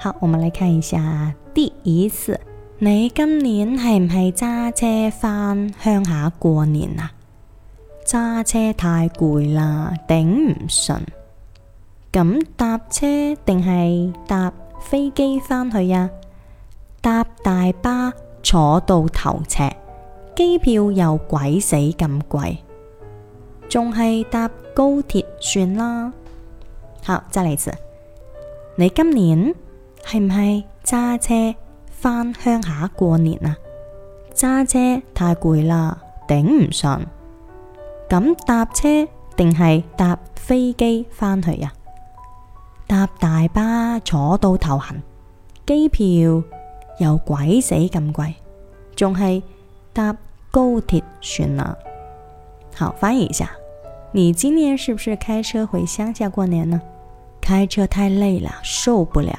好，我們嚟看一下第一次。你今年係唔係揸車返鄉下過年啊？揸車太攰啦，頂唔順。咁、嗯、搭車定係搭飛機返去呀、啊？搭大巴坐到頭赤，機票又鬼死咁貴，仲係搭高鐵算啦。好，再嚟一次，你今年？係唔係揸車返鄉下過年啊？揸車太攰啦，頂唔順。咁搭車定係搭飛機返去啊？搭大巴坐到頭赤，機票又鬼死咁貴，仲係搭高鐵算啦。好，翻譯一下。你今年是不是開車回鄉下過年呢？開車太累了，受不了。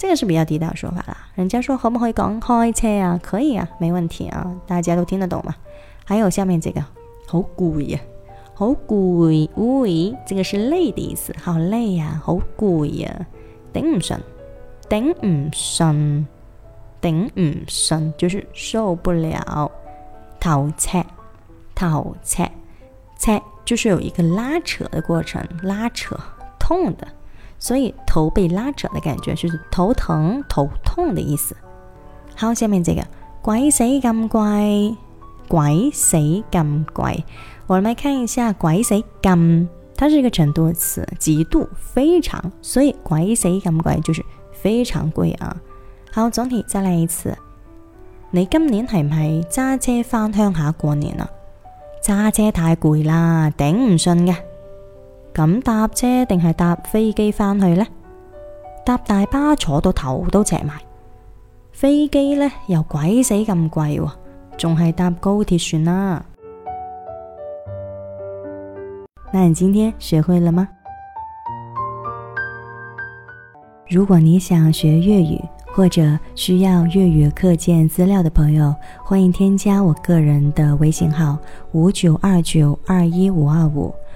這個是比較地道的說法啦，人家說可不可以講開車啊，可以啊，沒問題啊，大家都聽得懂嗎？還有下面這個，好攰呀、啊，好攰，喂，這個是累的意思，好累呀、啊，好攰呀、啊，頂唔順，頂唔順，頂唔順，就是受不了，頭赤，頭赤，赤就是有一個拉扯的過程，拉扯，痛的。所以頭被拉扯的感覺，就是頭疼、頭痛的意思。好，下面這個鬼死咁貴，鬼死咁貴。我們來看，看一下，鬼死咁，它是一個程度詞，極度、非常。所以鬼死咁貴，就是非常貴啊。好，總結，再來一次。你今年係唔係揸車返鄉下過年啊？揸車太攰啦，頂唔順嘅。咁搭車定係搭飛機返去呢？搭大巴坐到頭都赤埋，飛機呢又鬼死咁貴啊，仲係搭高鐵算啦啊。那你今天學會了嗎？如果你想學粵語或者需要粵語課件資料的朋友，歡迎添加我個人的微信號五九二九二一五二五。